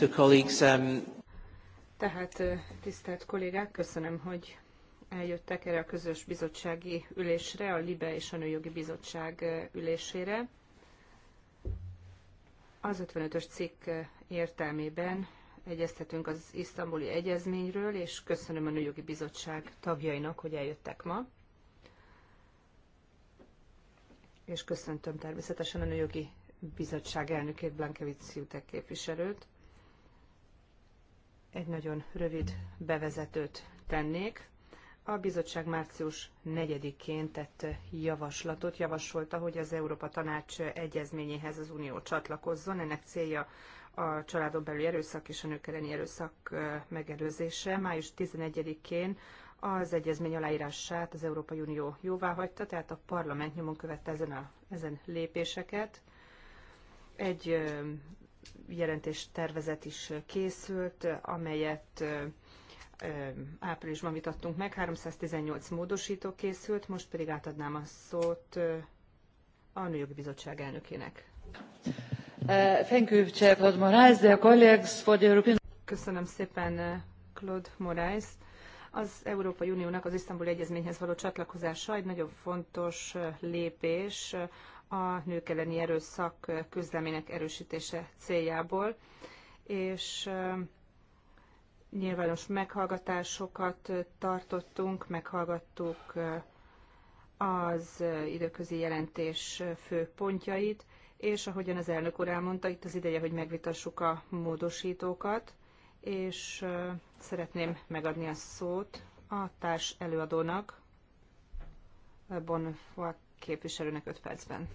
So colleagues, um... Tehát tisztelt kollégák, köszönöm, hogy eljöttek erre a közös bizottsági ülésre, a LIBE és a Nőjogi Bizottság ülésére. Az 55-ös cikk értelmében egyeztetünk az isztambuli egyezményről, és köszönöm a Nőjogi Bizottság tagjainak, hogy eljöttek ma. És köszöntöm természetesen a Nőjogi Bizottság elnökét, Blankevics Jutek képviselőt egy nagyon rövid bevezetőt tennék. A bizottság március 4-én tett javaslatot, javasolta, hogy az Európa Tanács egyezményéhez az Unió csatlakozzon. Ennek célja a családon belüli erőszak és a nők elleni erőszak megelőzése. Május 11-én az egyezmény aláírását az Európai Unió jóvá hagyta, tehát a parlament nyomon követte ezen, a, ezen lépéseket. Egy jelentés tervezet is készült, amelyet áprilisban vitattunk meg, 318 módosító készült, most pedig átadnám a szót a Nőjogi Bizottság elnökének. Uh, Köszönöm szépen, uh, Claude Moraes. Az Európai Uniónak az Isztambuli Egyezményhez való csatlakozása egy nagyon fontos uh, lépés a nők elleni erőszak közleménynek erősítése céljából, és nyilvános meghallgatásokat tartottunk, meghallgattuk az időközi jelentés fő pontjait, és ahogyan az elnök úr elmondta, itt az ideje, hogy megvitassuk a módosítókat, és szeretném megadni a szót a társ előadónak, Bonfoy képviselőnek 5 percben.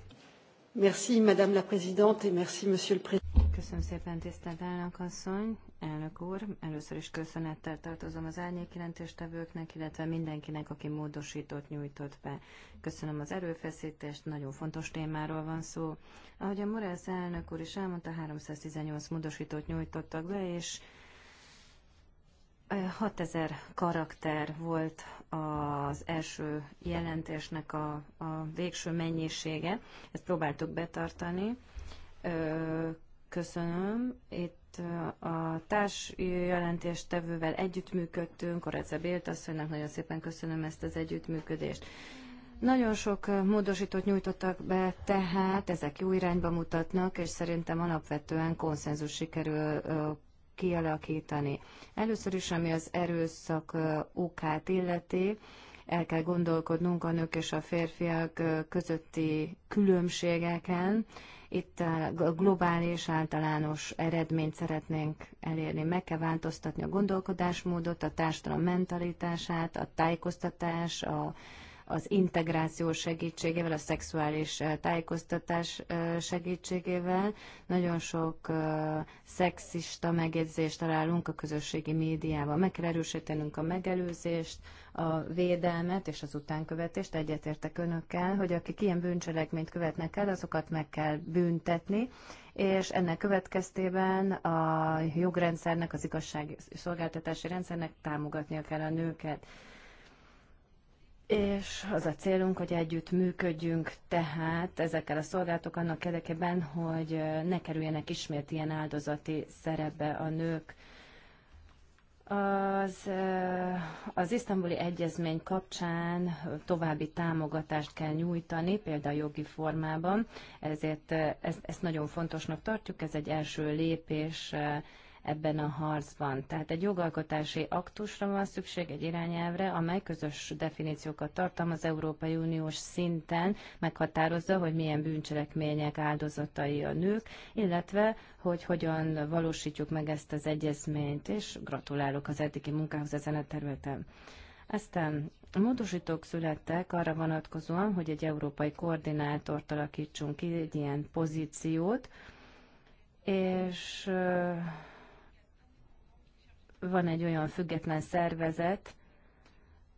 Merci, Madame la Présidente, et merci, Monsieur le Président. Köszönöm szépen, tisztelt elnök asszony, elnök úr. Először is köszönettel tartozom az árnyék jelentéstevőknek, illetve mindenkinek, aki módosított nyújtott be. Köszönöm az erőfeszítést, nagyon fontos témáról van szó. Ahogy a Morales elnök úr is elmondta, 318 módosítót nyújtottak be, és 6000 karakter volt az első jelentésnek a, a végső mennyisége. Ezt próbáltuk betartani. Köszönöm. Itt a társ jelentéstevővel együttműködtünk, Orece Bélt asszonynak nagyon szépen köszönöm ezt az együttműködést. Nagyon sok módosítót nyújtottak be, tehát ezek jó irányba mutatnak, és szerintem alapvetően konszenzus sikerül kialakítani. Először is, ami az erőszak okát illeti, el kell gondolkodnunk a nők és a férfiak közötti különbségeken. Itt a globális általános eredményt szeretnénk elérni. Meg kell változtatni a gondolkodásmódot, a társadalom mentalitását, a tájékoztatás, a az integráció segítségével, a szexuális tájékoztatás segítségével. Nagyon sok szexista megjegyzést találunk a közösségi médiában. Meg kell erősítenünk a megelőzést, a védelmet és az utánkövetést. Egyetértek önökkel, hogy akik ilyen bűncselekményt követnek el, azokat meg kell büntetni, és ennek következtében a jogrendszernek, az igazságszolgáltatási rendszernek támogatnia kell a nőket. És az a célunk, hogy együtt működjünk tehát ezekkel a szolgáltok annak érdekében, hogy ne kerüljenek ismét ilyen áldozati szerepbe a nők. Az, az isztambuli egyezmény kapcsán további támogatást kell nyújtani, például jogi formában, ezért ezt, ezt nagyon fontosnak tartjuk, ez egy első lépés ebben a harcban. Tehát egy jogalkotási aktusra van szükség, egy irányelvre, amely közös definíciókat tartalmaz Európai Uniós szinten, meghatározza, hogy milyen bűncselekmények áldozatai a nők, illetve hogy hogyan valósítjuk meg ezt az egyezményt, és gratulálok az eddigi munkához ezen a területen. Aztán a módosítók születtek arra vonatkozóan, hogy egy európai koordinátort alakítsunk ki, egy ilyen pozíciót, és van egy olyan független szervezet,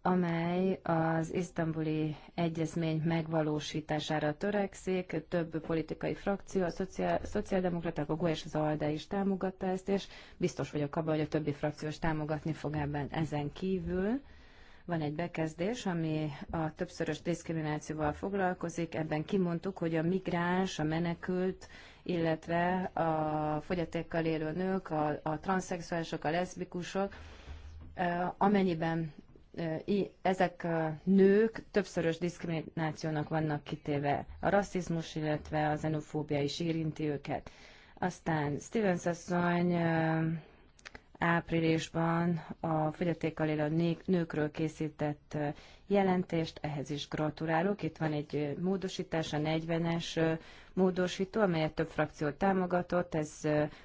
amely az isztambuli egyezmény megvalósítására törekszik. Több politikai frakció, a szociál, szociáldemokraták, a GUE és az ALDE is támogatta ezt, és biztos vagyok abban, hogy a többi frakció is támogatni fog ebben ezen kívül. Van egy bekezdés, ami a többszörös diszkriminációval foglalkozik. Ebben kimondtuk, hogy a migráns, a menekült, illetve a fogyatékkal élő nők, a, a transzexuálisok, a leszbikusok, amennyiben ezek a nők többszörös diszkriminációnak vannak kitéve. A rasszizmus, illetve a xenofóbia is érinti őket. Aztán Stevens asszony áprilisban a fogyatékkal élő nőkről készített jelentést, ehhez is gratulálok. Itt van egy módosítás, a 40-es módosító, amelyet több frakció támogatott. Ez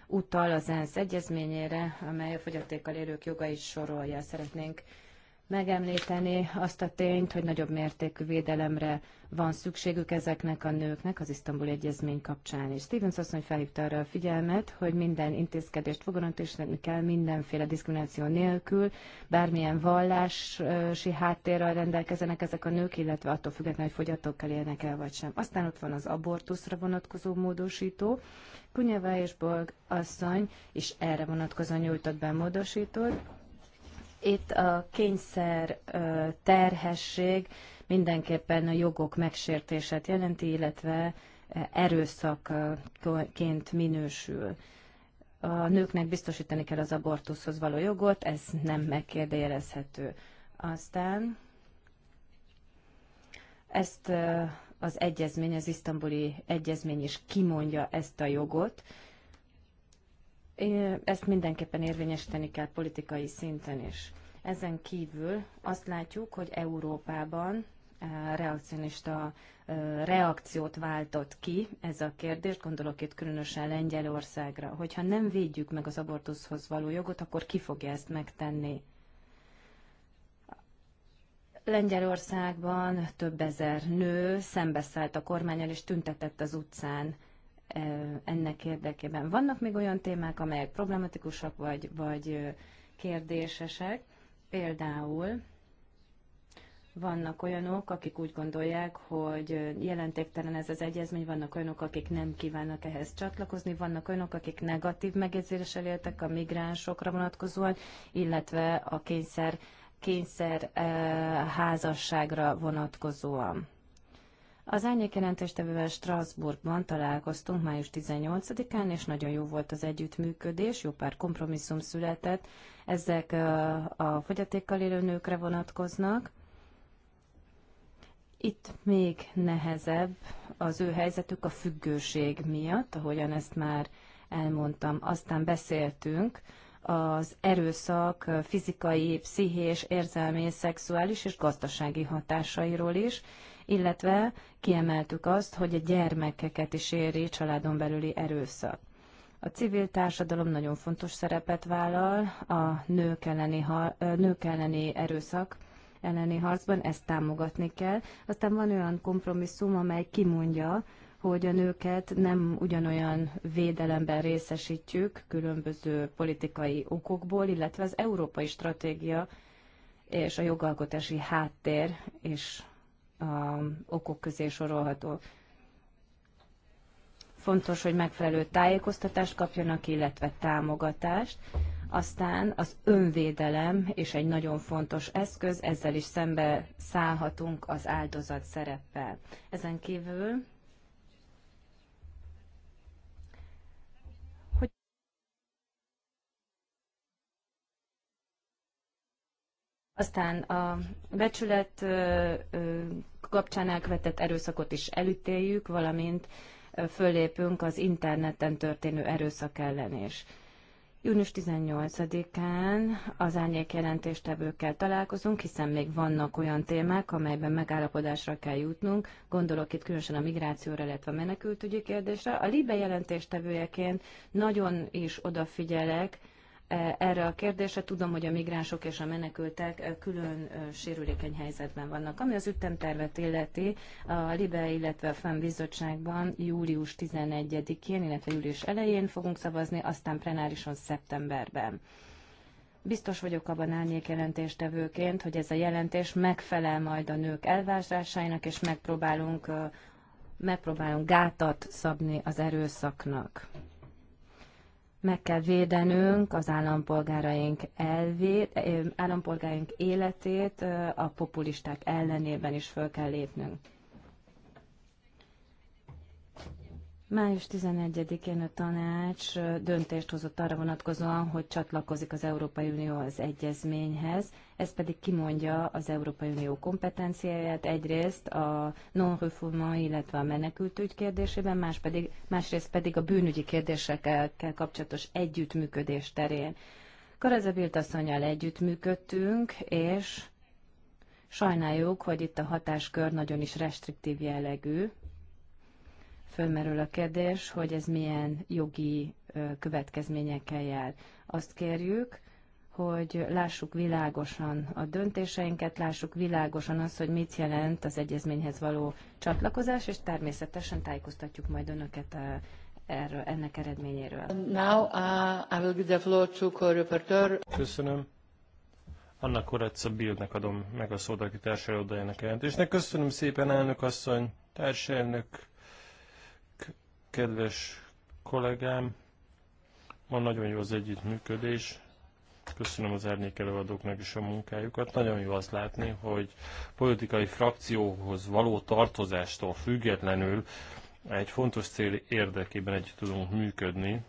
utal az ENSZ egyezményére, amely a fogyatékkal élők jogait sorolja. Szeretnénk megemlíteni azt a tényt, hogy nagyobb mértékű védelemre van szükségük ezeknek a nőknek az Isztambul Egyezmény kapcsán. És Stevens mondja, felhívta arra a figyelmet, hogy minden intézkedést és kell mindenféle diszkrimináció nélkül, bármilyen vallási háttérrel rendelkezenek ezek a nők, illetve attól függetlenül, hogy fogyatókkal élnek el vagy sem. Aztán ott van az abortuszra vonatkozó módosító. Kunyava és Borg asszony is erre vonatkozóan nyújtott be módosítót itt a kényszer terhesség mindenképpen a jogok megsértését jelenti, illetve erőszakként minősül. A nőknek biztosítani kell az abortuszhoz való jogot, ez nem megkérdőjelezhető. Aztán ezt az egyezmény, az isztambuli egyezmény is kimondja ezt a jogot, ezt mindenképpen érvényesíteni kell politikai szinten is. Ezen kívül azt látjuk, hogy Európában eh, reakcionista eh, reakciót váltott ki ez a kérdés, gondolok itt különösen Lengyelországra. Hogyha nem védjük meg az abortuszhoz való jogot, akkor ki fogja ezt megtenni? Lengyelországban több ezer nő szembeszállt a kormányal és tüntetett az utcán ennek érdekében. Vannak még olyan témák, amelyek problematikusak vagy, vagy kérdésesek, például vannak olyanok, akik úgy gondolják, hogy jelentéktelen ez az egyezmény, vannak olyanok, akik nem kívánnak ehhez csatlakozni, vannak olyanok, akik negatív megjegyzéssel éltek a migránsokra vonatkozóan, illetve a kényszer, kényszer házasságra vonatkozóan. Az árnyék jelentéstevővel Strasbourgban találkoztunk május 18-án, és nagyon jó volt az együttműködés, jó pár kompromisszum született. Ezek a fogyatékkal élő nőkre vonatkoznak. Itt még nehezebb az ő helyzetük a függőség miatt, ahogyan ezt már elmondtam. Aztán beszéltünk az erőszak fizikai, pszichés, érzelmi, szexuális és gazdasági hatásairól is illetve kiemeltük azt, hogy a gyermekeket is éri családon belüli erőszak. A civil társadalom nagyon fontos szerepet vállal a nők elleni, nők elleni erőszak elleni harcban, ezt támogatni kell. Aztán van olyan kompromisszum, amely kimondja, hogy a nőket nem ugyanolyan védelemben részesítjük különböző politikai okokból, illetve az európai stratégia és a jogalkotási háttér is a okok közé sorolható. Fontos, hogy megfelelő tájékoztatást kapjanak, illetve támogatást. Aztán az önvédelem és egy nagyon fontos eszköz, ezzel is szembe szállhatunk az áldozat szereppel. Ezen kívül Aztán a becsület kapcsán elkövetett erőszakot is elítéljük, valamint föllépünk az interneten történő erőszak ellen is. Június 18-án az árnyék jelentéstevőkkel találkozunk, hiszen még vannak olyan témák, amelyben megállapodásra kell jutnunk. Gondolok itt különösen a migrációra, illetve a menekültügyi kérdésre. A LIBE jelentéstevőjeként nagyon is odafigyelek E, erre a kérdésre. Tudom, hogy a migránsok és a menekültek e, külön e, sérülékeny helyzetben vannak. Ami az ütemtervet illeti, a LIBE, illetve a FEM bizottságban július 11-én, illetve július elején fogunk szavazni, aztán plenárison szeptemberben. Biztos vagyok abban árnyék jelentéstevőként, hogy ez a jelentés megfelel majd a nők elvárásainak, és megpróbálunk, megpróbálunk gátat szabni az erőszaknak meg kell védenünk az állampolgáraink elvét, állampolgáraink életét, a populisták ellenében is föl kell lépnünk. Május 11-én a tanács döntést hozott arra vonatkozóan, hogy csatlakozik az Európai Unió az egyezményhez, ez pedig kimondja az Európai Unió kompetenciáját egyrészt a non reforma illetve a menekültügy kérdésében, más pedig, másrészt pedig a bűnügyi kérdésekkel kapcsolatos együttműködés terén. Karazabilt asszonyjal együttműködtünk, és sajnáljuk, hogy itt a hatáskör nagyon is restriktív jellegű, fölmerül a kérdés, hogy ez milyen jogi következményekkel jár. Azt kérjük, hogy lássuk világosan a döntéseinket, lássuk világosan azt, hogy mit jelent az egyezményhez való csatlakozás, és természetesen tájékoztatjuk majd önöket a, erről, ennek eredményéről. Now uh, I will give the floor to co-reporter. Köszönöm. Anna Koretsz a Bildnek adom meg a szót, aki társadalmi jelentésnek. Köszönöm szépen, elnök asszony, társelnök kedves kollégám, van nagyon jó az együttműködés, köszönöm az árnyék előadóknak is a munkájukat. Nagyon jó azt látni, hogy politikai frakcióhoz való tartozástól függetlenül egy fontos cél érdekében együtt tudunk működni.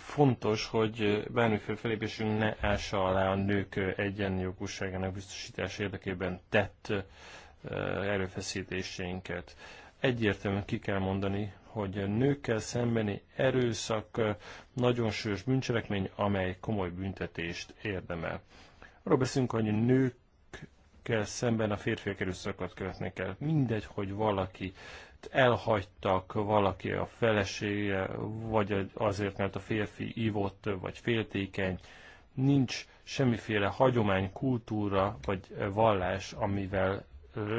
Fontos, hogy bármiféle felépésünk ne ássa alá a nők egyenjogúságának biztosítás érdekében tett erőfeszítéseinket. Egyértelműen ki kell mondani, hogy a nőkkel szembeni erőszak nagyon sős bűncselekmény, amely komoly büntetést érdemel. Arról beszélünk, hogy nőkkel szemben a férfiak erőszakot követnek el. Mindegy, hogy valaki elhagytak valaki a felesége, vagy azért, mert a férfi ivott, vagy féltékeny, nincs semmiféle hagyomány, kultúra, vagy vallás, amivel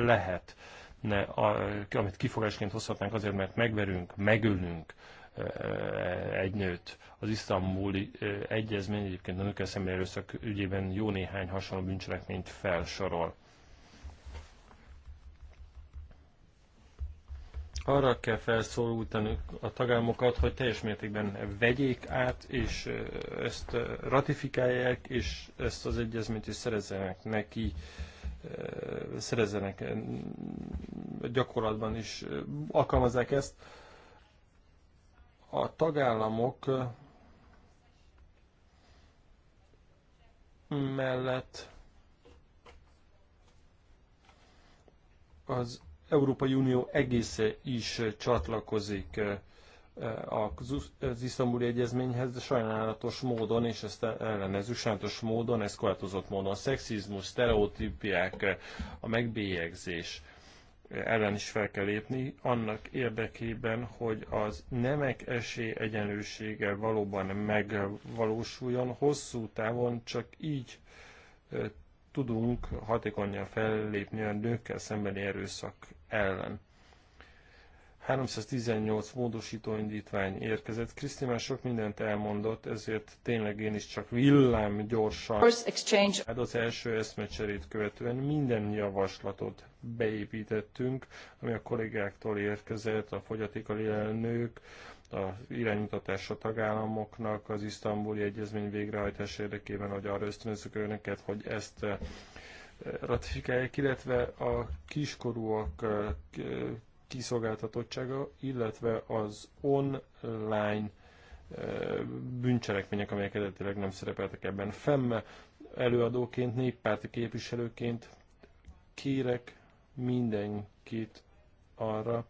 lehet, ne, a, amit kifogásként hozhatnánk azért, mert megverünk, megölünk egy nőt. Az isztambuli egyezmény egyébként a nőkkel szemben erőszak ügyében jó néhány hasonló bűncselekményt felsorol. arra kell felszólítani a tagállamokat, hogy teljes mértékben vegyék át, és ezt ratifikálják, és ezt az egyezményt is szerezzenek neki, szerezzenek gyakorlatban is, alkalmazzák ezt. A tagállamok mellett az Európai Unió egész is csatlakozik eh, az isztambuli egyezményhez, de sajnálatos módon, és ezt ellenező sajnálatos módon, ez korlátozott módon a szexizmus, sztereotípiák, a megbélyegzés ellen is fel kell lépni, annak érdekében, hogy az nemek esély egyenlősége valóban megvalósuljon hosszú távon, csak így eh, tudunk hatékonyan fellépni a nőkkel szembeni erőszak ellen. 318 módosító indítvány érkezett. Kriszti már sok mindent elmondott, ezért tényleg én is csak villám gyorsan hát az első eszmecserét követően minden javaslatot beépítettünk, ami a kollégáktól érkezett, a fogyatékkal élő nők, a iránymutatás a tagállamoknak az isztambuli egyezmény végrehajtás érdekében, hogy arra ösztönözzük önöket, hogy ezt eh, ratifikálják, illetve a kiskorúak eh, kiszolgáltatottsága, illetve az online eh, bűncselekmények, amelyek eredetileg nem szerepeltek ebben. Femme előadóként, néppárti képviselőként kérek mindenkit arra,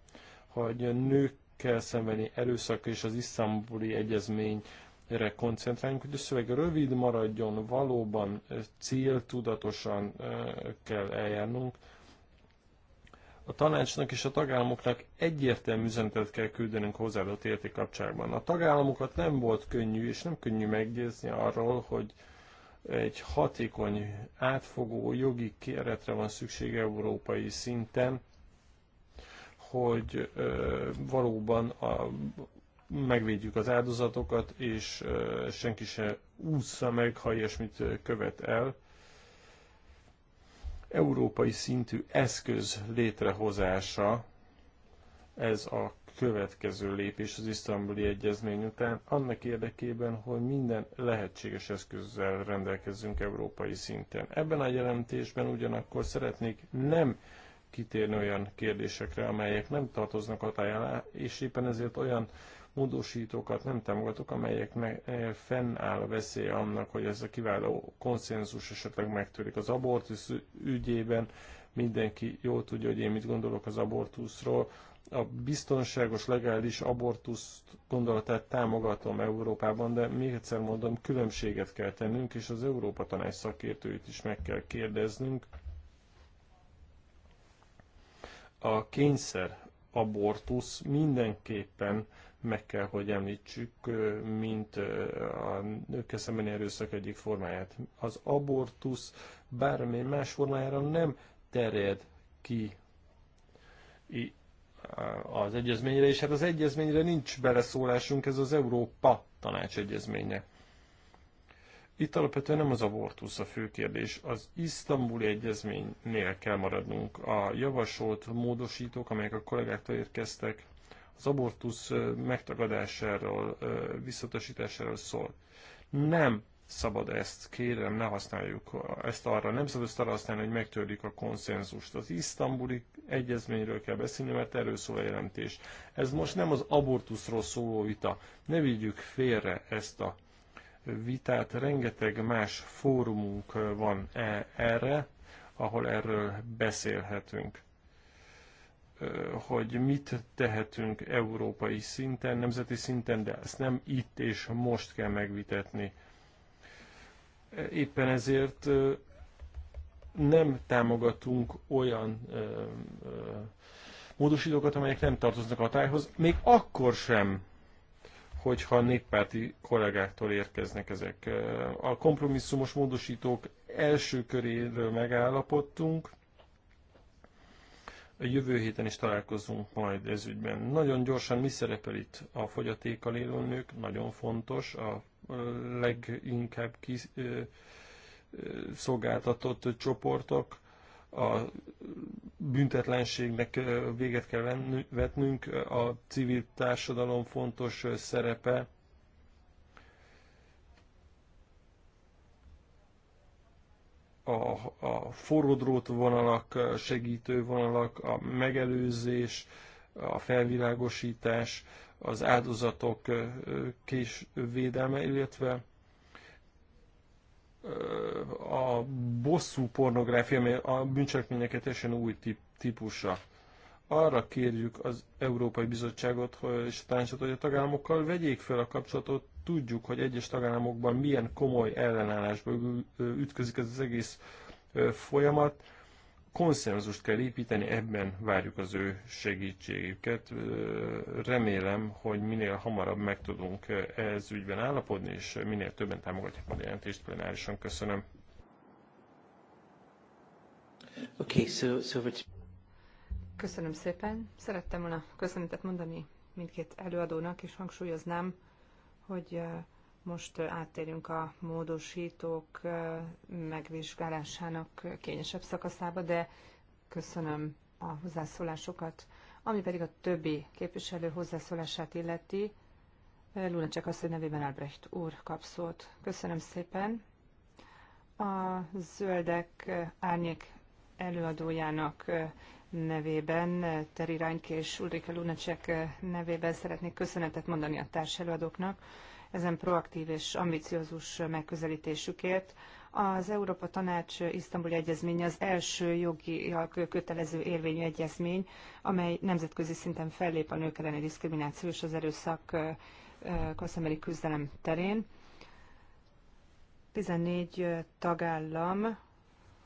hogy nők kell szenvedni erőszak és az isztambuli egyezményre koncentráljunk, hogy a szöveg rövid maradjon, valóban céltudatosan kell eljárnunk. A tanácsnak és a tagállamoknak egyértelmű üzenetet kell küldenünk hozzáadott érté kapcsolatban. A tagállamokat nem volt könnyű, és nem könnyű meggyőzni arról, hogy egy hatékony, átfogó jogi keretre van szüksége európai szinten, hogy valóban a, megvédjük az áldozatokat, és senki se ússza meg, ha ilyesmit követ el. Európai szintű eszköz létrehozása ez a következő lépés az isztambuli egyezmény után, annak érdekében, hogy minden lehetséges eszközzel rendelkezzünk európai szinten. Ebben a jelentésben ugyanakkor szeretnék nem kitérni olyan kérdésekre, amelyek nem tartoznak a tájára, és éppen ezért olyan módosítókat nem támogatok, amelyeknek eh, fennáll a veszély annak, hogy ez a kiváló konszenzus esetleg megtörik. Az abortusz ügyében mindenki jól tudja, hogy én mit gondolok az abortuszról. A biztonságos, legális abortusz gondolatát támogatom Európában, de még egyszer mondom, különbséget kell tennünk, és az Európa Tanács szakértőit is meg kell kérdeznünk, a kényszer abortusz mindenképpen meg kell, hogy említsük, mint a nőkkel szembeni erőszak egyik formáját. Az abortusz bármely más formájára nem terjed ki az egyezményre, és hát az egyezményre nincs beleszólásunk, ez az Európa tanács egyezménye. Itt alapvetően nem az abortusz a fő kérdés, az isztambuli egyezménynél kell maradnunk. A javasolt módosítók, amelyek a kollégáktól érkeztek, az abortusz megtagadásáról, visszatasításáról szól. Nem szabad ezt, kérem, ne használjuk ezt arra, nem szabad ezt arra használni, hogy megtörjük a konszenzust. Az isztambuli egyezményről kell beszélni, mert erről szól a jelentés. Ez most nem az abortuszról szóló vita. Ne vigyük félre ezt a vitát. Rengeteg más fórumunk van e, erre, ahol erről beszélhetünk hogy mit tehetünk európai szinten, nemzeti szinten, de ezt nem itt és most kell megvitetni. E, éppen ezért nem támogatunk olyan módosítókat, amelyek nem tartoznak a tájhoz, még akkor sem, hogyha néppárti kollégáktól érkeznek ezek. A kompromisszumos módosítók első köréről megállapodtunk, a jövő héten is találkozunk majd ez ügyben. Nagyon gyorsan mi szerepel itt a fogyatékkal élő nők? Nagyon fontos, a leginkább kiszolgáltatott csoportok a büntetlenségnek véget kell vetnünk, a civil társadalom fontos szerepe, a, a forrodrót vonalak, segítő vonalak, a megelőzés, a felvilágosítás, az áldozatok kés védelme, illetve a bosszú pornográfia, ami a bűncselekményeket teljesen új típusa. Arra kérjük az Európai Bizottságot és a tanácsot, hogy a tagállamokkal vegyék fel a kapcsolatot. Tudjuk, hogy egyes tagállamokban milyen komoly ellenállásba ütközik ez az egész folyamat konszenzust kell építeni, ebben várjuk az ő segítségüket. Remélem, hogy minél hamarabb meg tudunk ez ügyben állapodni, és minél többen támogatják a jelentést plenárisan. Köszönöm. Okay, so, so which... Köszönöm szépen. Szerettem volna köszönetet mondani mindkét előadónak, és hangsúlyoznám, hogy uh, most áttérünk a módosítók megvizsgálásának kényesebb szakaszába, de köszönöm a hozzászólásokat. Ami pedig a többi képviselő hozzászólását illeti, Luna csak azt, hogy nevében Albrecht úr kap szót. Köszönöm szépen. A zöldek árnyék előadójának nevében, Teri Ránk és Ulrike Lunacek nevében szeretnék köszönetet mondani a társelőadóknak, ezen proaktív és ambiciózus megközelítésükért. Az Európa Tanács Isztambuli Egyezménye az első jogi kötelező érvényű egyezmény, amely nemzetközi szinten fellép a nők elleni diszkrimináció és az erőszak szembeni küzdelem terén. 14 tagállam,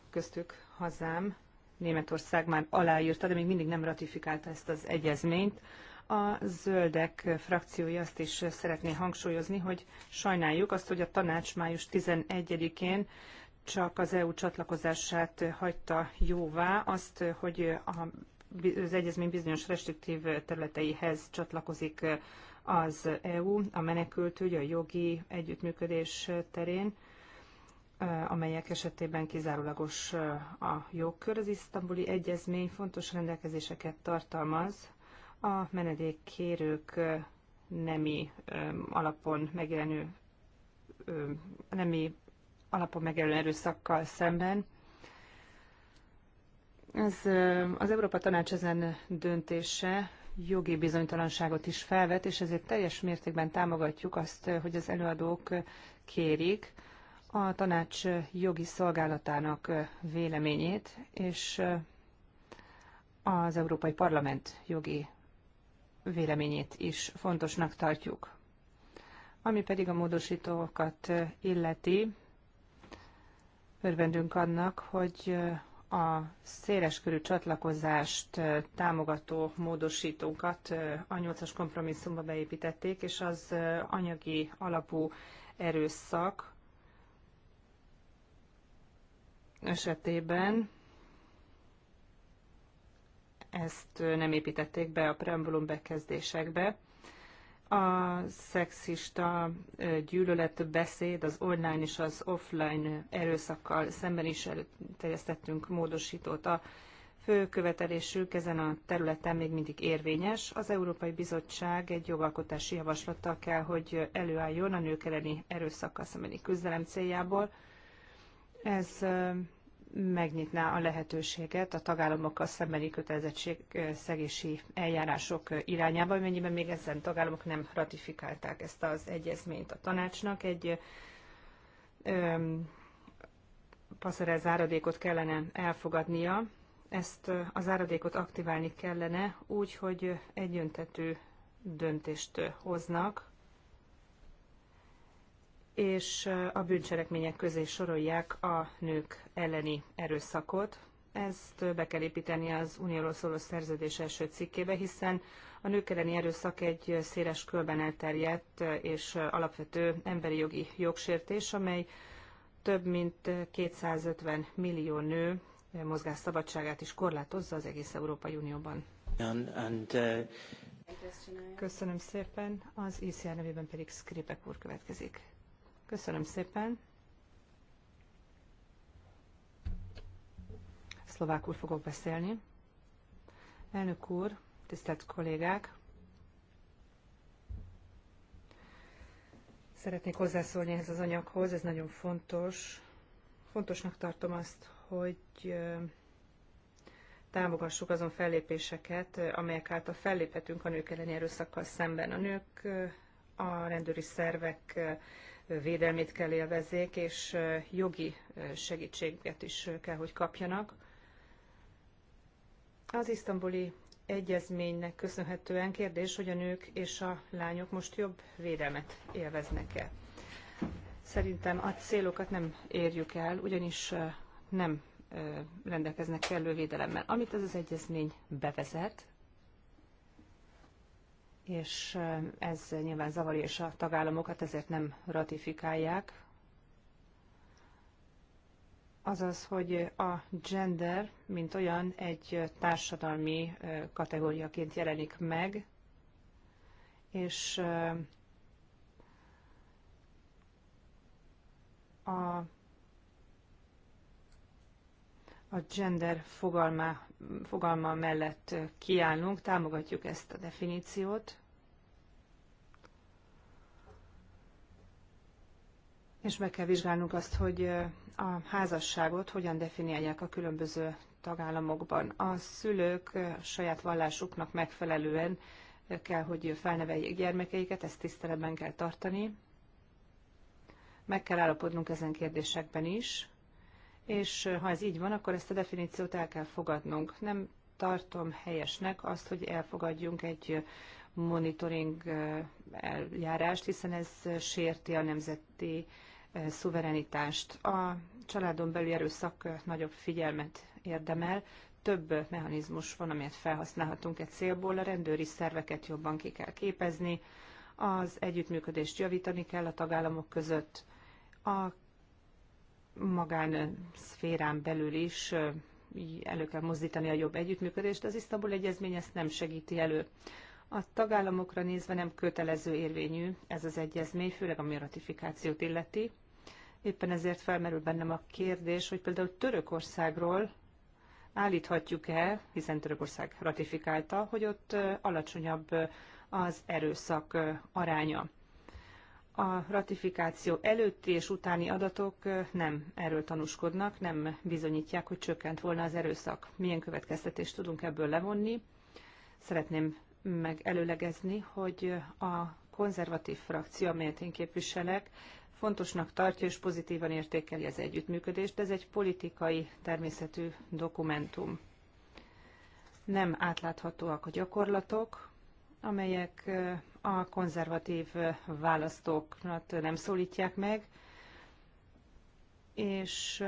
köztük hazám, Németország már aláírta, de még mindig nem ratifikálta ezt az egyezményt. A zöldek frakciója azt is szeretné hangsúlyozni, hogy sajnáljuk azt, hogy a tanács május 11-én csak az EU csatlakozását hagyta jóvá, azt, hogy a az egyezmény bizonyos restriktív területeihez csatlakozik az EU, a menekültügy, a jogi együttműködés terén, amelyek esetében kizárólagos a jogkör. Az isztambuli egyezmény fontos rendelkezéseket tartalmaz a menedékkérők nemi alapon megjelenő nemi alapon megjelenő erőszakkal szemben. Ez, az Európa Tanács ezen döntése jogi bizonytalanságot is felvet, és ezért teljes mértékben támogatjuk azt, hogy az előadók kérik a tanács jogi szolgálatának véleményét, és az Európai Parlament jogi véleményét is fontosnak tartjuk. Ami pedig a módosítókat illeti, örvendünk annak, hogy a széleskörű csatlakozást támogató módosítókat a 8-as kompromisszumba beépítették, és az anyagi alapú erőszak esetében ezt nem építették be a preambulum bekezdésekbe. A szexista gyűlölet beszéd az online és az offline erőszakkal szemben is terjesztettünk módosítót. A fő követelésük ezen a területen még mindig érvényes. Az Európai Bizottság egy jogalkotási javaslattal kell, hogy előálljon a nők elleni erőszakkal szembeni küzdelem céljából. Ez megnyitná a lehetőséget a tagállamokkal szembeni kötelezettség szegési eljárások irányába, mennyiben még ezen tagállamok nem ratifikálták ezt az egyezményt a tanácsnak. Egy passzerel záradékot kellene elfogadnia, ezt a záradékot aktiválni kellene úgy, hogy egyöntetű döntést hoznak és a bűncselekmények közé sorolják a nők elleni erőszakot. Ezt be kell építeni az unióról szóló szerződés első cikkébe, hiszen a nők elleni erőszak egy széles körben elterjedt és alapvető emberi jogi jogsértés, amely több mint 250 millió nő mozgásszabadságát is korlátozza az egész Európai Unióban. Köszönöm szépen. Az ICR nevében pedig Skripek úr következik. Köszönöm szépen. Szlovákul fogok beszélni. Elnök úr, tisztelt kollégák! Szeretnék hozzászólni ehhez az anyaghoz, ez nagyon fontos. Fontosnak tartom azt, hogy támogassuk azon fellépéseket, amelyek által felléphetünk a nők elleni erőszakkal szemben. A nők a rendőri szervek védelmét kell élvezzék, és jogi segítséget is kell, hogy kapjanak. Az isztambuli egyezménynek köszönhetően kérdés, hogy a nők és a lányok most jobb védelmet élveznek-e. Szerintem a célokat nem érjük el, ugyanis nem rendelkeznek kellő védelemmel. Amit ez az egyezmény bevezet, és ez nyilván zavarja és a tagállamokat, ezért nem ratifikálják. Azaz, hogy a gender, mint olyan, egy társadalmi kategóriaként jelenik meg, és a a gender fogalma, fogalma mellett kiállunk, támogatjuk ezt a definíciót, és meg kell vizsgálnunk azt, hogy a házasságot hogyan definiálják a különböző tagállamokban. A szülők a saját vallásuknak megfelelően kell, hogy felneveljék gyermekeiket, ezt tiszteletben kell tartani. Meg kell állapodnunk ezen kérdésekben is és ha ez így van, akkor ezt a definíciót el kell fogadnunk. Nem tartom helyesnek azt, hogy elfogadjunk egy monitoring eljárást, hiszen ez sérti a nemzeti szuverenitást. A családon belül erőszak nagyobb figyelmet érdemel, több mechanizmus van, amelyet felhasználhatunk egy célból, a rendőri szerveket jobban ki kell képezni, az együttműködést javítani kell a tagállamok között, a magán szférán belül is elő kell mozdítani a jobb együttműködést, az Isztambul Egyezmény ezt nem segíti elő. A tagállamokra nézve nem kötelező érvényű ez az egyezmény, főleg ami a ratifikációt illeti. Éppen ezért felmerül bennem a kérdés, hogy például Törökországról állíthatjuk-e, hiszen Törökország ratifikálta, hogy ott alacsonyabb az erőszak aránya a ratifikáció előtti és utáni adatok nem erről tanúskodnak, nem bizonyítják, hogy csökkent volna az erőszak. Milyen következtetést tudunk ebből levonni? Szeretném megelőlegezni, hogy a konzervatív frakció, amelyet én képviselek, fontosnak tartja és pozitívan értékeli az együttműködést, de ez egy politikai természetű dokumentum. Nem átláthatóak a gyakorlatok, amelyek a konzervatív választókat nem szólítják meg, és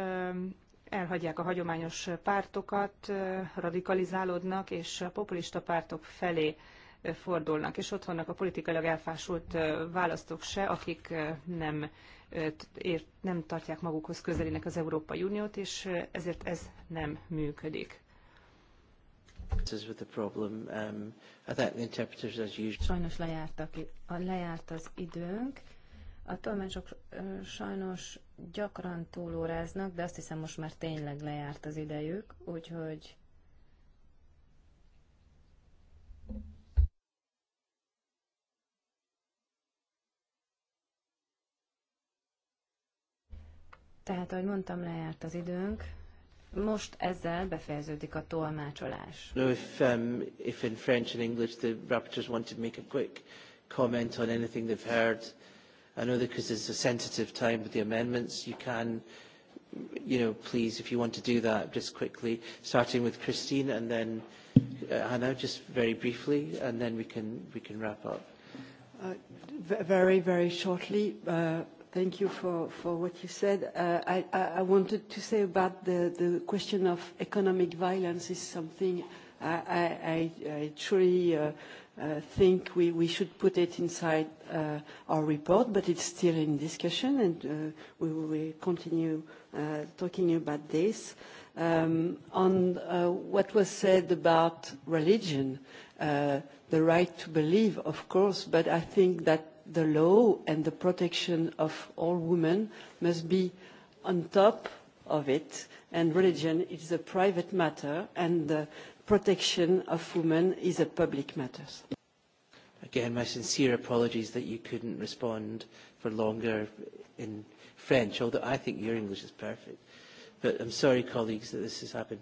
elhagyják a hagyományos pártokat, radikalizálódnak, és a populista pártok felé fordulnak, és ott vannak a politikailag elfásult választók se, akik nem, ért nem tartják magukhoz közelének az Európai Uniót, és ezért ez nem működik. Sajnos lejártak, lejárt az időnk. A tolmácsok sajnos gyakran túlóráznak, de azt hiszem most már tényleg lejárt az idejük, úgyhogy Tehát, ahogy mondtam, lejárt az időnk. Most ezzel befejeződik a tolmácsolás. No, if, um, if in French and English the rapporteurs want to make a quick comment on anything they've heard, I know that because it's a sensitive time with the amendments, you can, you know, please, if you want to do that, just quickly, starting with Christine and then uh, Hannah, just very briefly, and then we can, we can wrap up. Uh, very, very shortly. Uh, Thank you for, for what you said. Uh, I, I wanted to say about the, the question of economic violence is something I, I, I truly uh, uh, think we, we should put it inside uh, our report, but it's still in discussion and uh, we will continue uh, talking about this. Um, on uh, what was said about religion, uh, the right to believe, of course, but I think that the law and the protection of all women must be on top of it and religion is a private matter and the protection of women is a public matter. Again, my sincere apologies that you couldn't respond for longer in French, although I think your English is perfect. But I'm sorry, colleagues, that this has happened.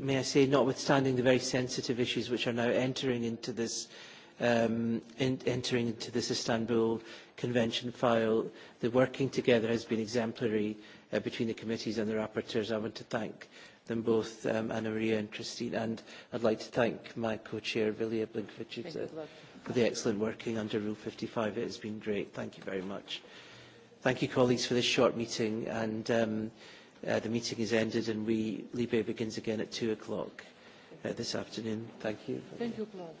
may I say, notwithstanding the very sensitive issues which are now entering into this um, in, entering into this Istanbul Convention file, the working together has been exemplary uh, between the committees and the rapporteurs. I want to thank them both, um, Anna Maria and Christine, and I'd like to thank my co-chair, Vilja Blinkovic, uh, for the excellent working under Rule 55. It has been great. Thank you very much. Thank you, colleagues, for this short meeting. and. Um, Uh, the meeting is ended and we, Libe begins again at 2 o'clock uh, this afternoon. Thank you. Thank you, Claude.